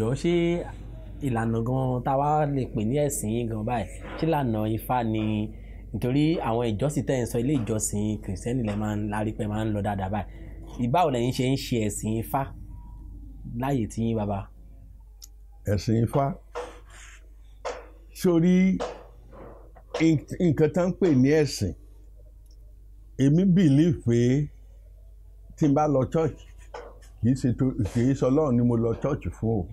jọ ṣé ìlànà gan táwa lè pè ní ẹ̀sìn gan báyìí ṣé ìlànà ifá ni nítorí àwọn ìjọsìn tẹ̀ ń sọ ilé ìjọsìn kìrìsìtẹ́nì lẹ́ máa ń larí pé máa ń lọ dáadáa báyìí ìbáwo lẹ́yìn ṣe ń ṣe ẹ̀sìn ifá láyè tí yín bàbá. ẹ̀sìn ifá sórí nǹkan tá ń pè ní ẹ̀sìn èmi believe pé tí n bá lọ church kìí ṣe tó kìí ṣe ọlọ́run ni mo lọ church fún o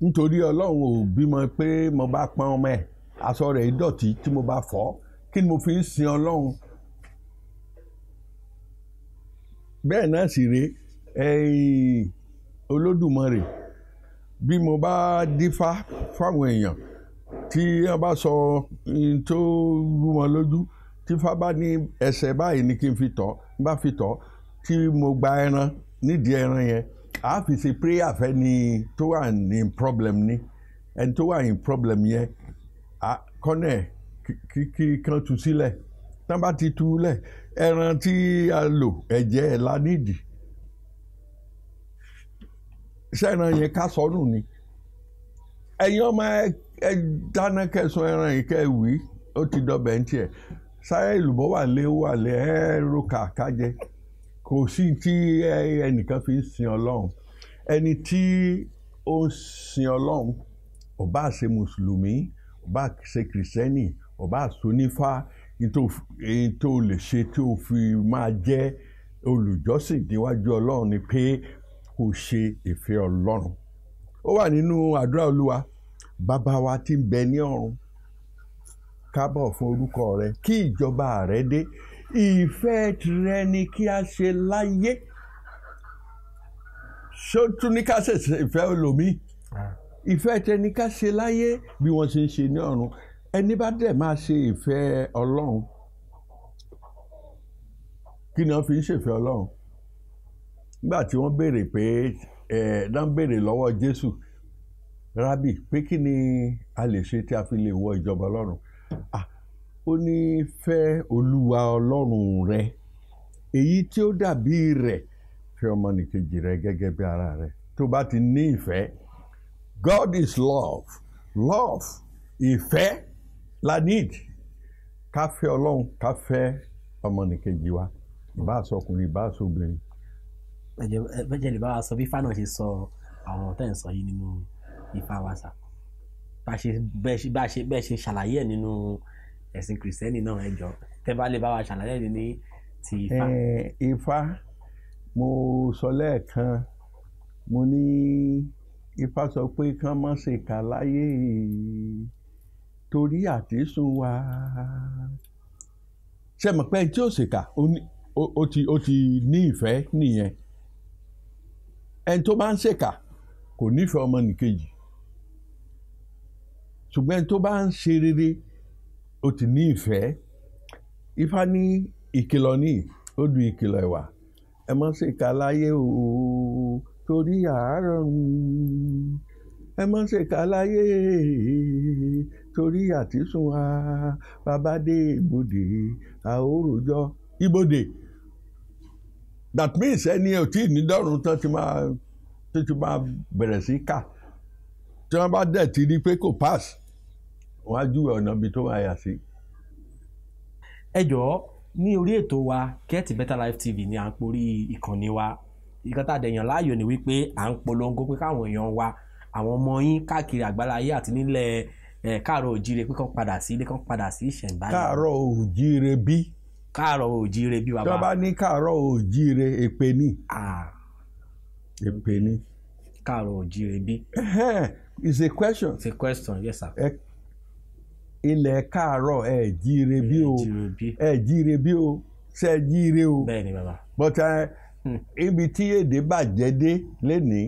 nítorí ọlọ́run ò bímọ pé mo bá pọn ọmọ ẹ̀ aṣọ rẹ̀ ìdọ̀tí tí mo bá fọ̀ kí ni mo fi ń sin ọlọ́run bẹ́ẹ̀ náà sì rèé ẹ̀yìn olódùmarè bí mo bá dífá fáwọn èèyàn tí wọ́n bá sọ tó rú wọn lójú tífá bá ní ẹsẹ̀ báyìí ni kí n fi tọ̀ n bá fi tọ̀ tí mo gba ẹran nídìí ẹran yẹn a fi ṣe prayer fẹ́ ni tó wà ní problem ni ẹni tó wà ní problem yẹn a kọ́nẹ̀ kí kí kan tú sílẹ̀ tán bá ti tú lẹ̀ ẹran tí a lò ẹ̀jẹ̀ ẹ̀ la nídìí sẹ́ran yẹn ká sọ́nù ni ẹ̀yin ọmọ ẹ dáná kẹsàn ẹran yìí kẹ wí ó ti dọ̀bẹ̀ ń tiẹ̀ sáyẹ́ ìlú bọ́ wà lé wà lé ẹ̀ẹ́rọ kàkájẹ́ kò sí tí ẹnìkan fi ń sin ọlọ́run ẹni tí ó ń sin ọlọ́run ó bá ṣe mùsùlùmí ó bá ṣe kìrìsẹ́nì ó bá ṣonífá èyí tó lè ṣe tí ó fi máa jẹ́ olùjọ́sìn níwájú ọlọ́run ni pé kó ṣe ìfẹ́ ọlọ́run ó wà nínú àdúrà olúwa bàbá wa tí ń bẹ ní ọ̀run kábọ̀ fún orúkọ rẹ kí ìjọba rẹ dé ìfẹ́ tirẹ̀ ni kí a ṣe láyé ṣó tún ní ká ṣẹ̀ṣẹ̀ ìfẹ́ olómi ìfẹ́ tirẹ̀ ni ká ṣe láyé bí wọ́n ṣe ń ṣe ní ọ̀run ẹni bá dẹ̀ máa ṣe ìfẹ́ ọlọ́run kí ni wọ́n fi ń ṣèfẹ́ ọlọ́run nígbà tí wọ́n béèrè pé ẹ̀ dán béèrè lọ́wọ́ Jésù rábì pé kí ni a lè ṣe tí a fi lè wọ ìjọba ọlọ́run ah ó ní fẹ́ olúwa ọlọ́run rẹ èyí tí ó dàbí rẹ̀ fẹ́ ọmọnìkejì rẹ gẹ́gẹ́ bí ara rẹ tó bá ti ní ìfẹ́ God is love love ìfẹ́ la need ká fẹ́ ọlọ́run ká fẹ́ ọmọnìkejì wa ìbá sọkùnrin ìbá sọbìnrin. bẹ́jẹ̀ lè bá wa sọ bí fáànà ṣe sọ àwọn ọ̀tá ìsọ yìí nínú Ifá wa sà bá a ṣe ṣàlàyé ẹ̀ nínú ẹ̀sìn kìrìsìtẹ́nì náà ẹ jọ tẹ́ bá lè bá wa ṣàlàyé ẹ̀ ní ti ifá. ifá mo sọ lẹ́ẹ̀kan mo ní ifá sọ pé kán má ṣe kà láyé torí àtisùn wa ṣe mọ̀ pé tí ó ṣèkà ó ti ní ìfẹ́ nìyẹn ẹni tó bá ń ṣèkà kò nífẹ̀ẹ́ ọmọnìkejì ṣùgbọ́n ẹni tó bá ń ṣe rere ó ti ní ìfẹ́ ifá ní ìkìlọ̀ ní ó du ìkìlọ̀ ẹ̀wà ẹ má ṣe kà láyé o torí àárọ̀ ẹ má ṣe kà láyé torí àtisùn wa bàbá dé ibodè àóròjọ ibodè that means ẹni ẹ ò tí ì ní dọ́run tán ti máa tó ti máa bẹ̀rẹ̀ sí kà tí wọ́n bá dẹ̀ ti rí pé kò pass wọ́n á júwe ọ̀nà ibi tó máa yà sí. ẹ jọ̀ọ́ ní orí ètò wa get better life tv ni à ń porí ìkànnì wa ìkan tá a dẹ̀yàn láàyò ni wípé à ń polongo pé káwọn èèyàn wa àwọn ọmọ yín káàkiri àgbáláyé àti nílẹ̀ ẹ̀ káàárọ̀ òjíire pé kán padà sí ilé kán padà sí ìṣẹ̀ǹbáyé. káàárọ̀ òjíire bí. káàárọ̀ òjíire bí bàbá. tọ́ba ní káàárọ̀ òjíire èpè ni. èpè ni. káàárọ̀ òjíire bí. it's a question. it's a question yes sir ilẹ̀ káàárọ̀ ẹ̀ jíire bí o ẹ̀ jíire bí o ṣe jíire o but hmm. ibi tí èdè bàjẹ́ dé lénìí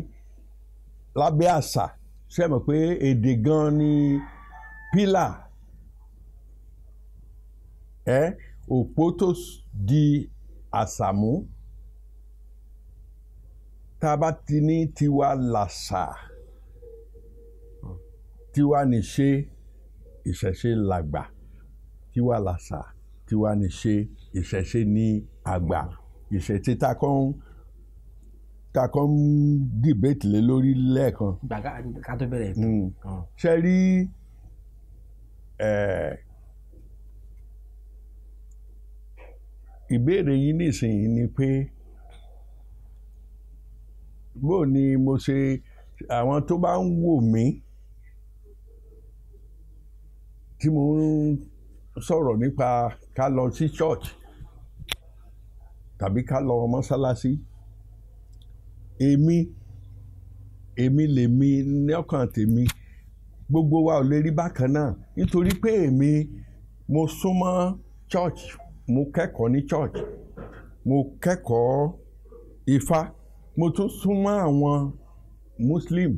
lábẹ́ àṣà ṣe mọ̀ pé èdè gan ni pílà ẹ òpó tó di àṣà mú tá a bá ti ní tiwa làṣà hmm. tiwa nìṣe ìṣẹ̀ṣe làgbà tiwa làṣà tiwa níṣe ìṣẹ̀ṣe ní àgbà ìṣẹ̀ṣe tá a kàn tá a kàn ń dìbẹ́tì lé lórí lẹ́ẹ̀kan. gbàgà ká tó bẹ̀rẹ̀. Hmm. ṣe rí eh, ìbéèrè yín nísìnyí ni pé bó ni mo ṣe àwọn tó bá ń wò mí tí mo ń sọ̀rọ̀ nípa ká lọ sí church tàbí ká lọ mọ́sálásí èmi èmi lèmi ní ọkàn tèmi gbogbo wa ò lè rí bákan náà nítorí pé èmi mo súnmọ́ church mo kẹ́kọ̀ọ́ ní church mo kẹ́kọ̀ọ́ ifá mo tún súnmọ́ àwọn muslim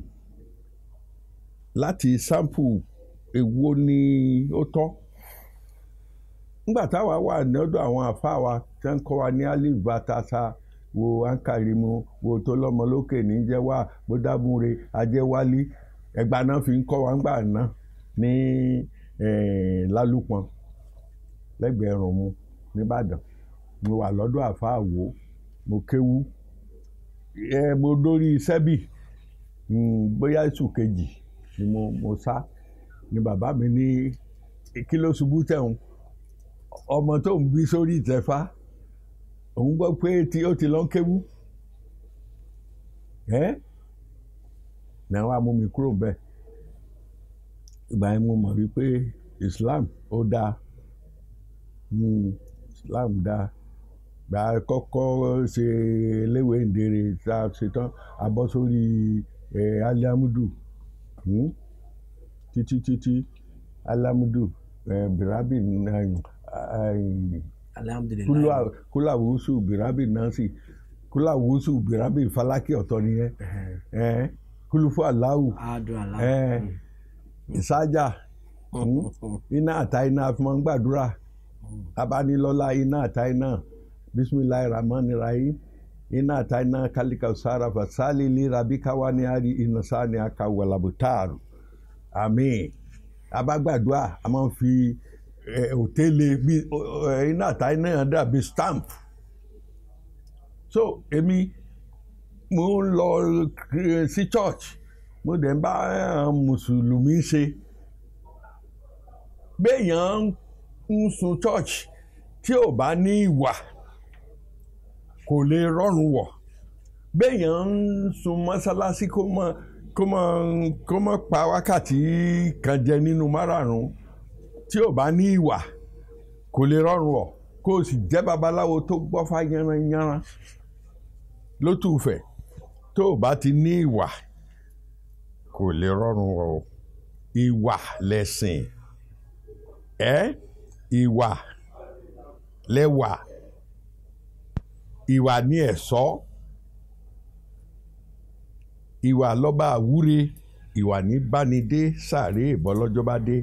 láti sample èwo ni ó tọ́ nígbà táwa wà lọ́dọ̀ àwọn wa tẹ́ ń kọ́ wa ní alif atasa wo ankarimu wo tó lọ́mọ lókè níjẹ́wà gbódàmúre ajẹ́wálí ẹ̀gbà náà fi ń kọ́ wa náà ní lálùpọ̀n lẹ́gbẹ̀ẹ́ mu nìbàdàn mo wà lọ́dọ̀ hmm, mo mo sẹ́bì ni bàbá mi ní kí ló ṣubú tẹ̀hún ọmọ tó ń bí sórí ìtẹ́fà òun gbọ́ pé tí ó ti lọ́n kéwú ẹ́ náà wàá mú kúrò bẹ́ẹ̀ ìgbà yẹn mo mọ̀ wípé Islam ó dáa Islam dáa gbà kọ́kọ́ ṣe eléwé ìdèrè tá a ṣe tán abọ́ sórí aliamudu. Hmm? títí títí alamudu eh, birabi kulawusu eh, birabi nansi kulawusu birabi falaki ọ̀tọ̀ nìyẹn eh, kulufu aláwù hmm. ìsájà hmm. iná àta iná afimọ́ ń gbàdúrà hmm. abánilọ́lá iná àta iná bisimilahi rahman rahim iná àta iná kálíkà sára fasalili rabikawa ni ari inasani akawalabu taaru àmín abágbàdúrà a máa ń fi òtẹ́lẹ̀ bí iná àtàyè náà dàbí stamp so èmi mo ń lọ sí church mo dẹ̀ ń bá mùsùlùmí ṣe béèyàn ń sun church tí ò bá ní ìwà kò lè rọrùn wọ̀ béèyàn ń sun mọ́sálásí kó máa kó mọ kó mọ pa wákàtí kan jẹ nínú márààrún tí ò bá ní ìwà kò lè rọrùn ọ kó o sì jẹ́ babaláwo tó gbọ́fá yánranyánra lótùfẹ́ tó o bá ti ní ìwà kò lè rọrùn ọ ìwà lẹ̀sìn ẹ ìwà lẹwà ìwà ni ẹ̀ṣọ́. E ìwà lọ́ba àwúre ìwà ní bánidé sàárè ìbọ́lọ́jọ́ bá dé.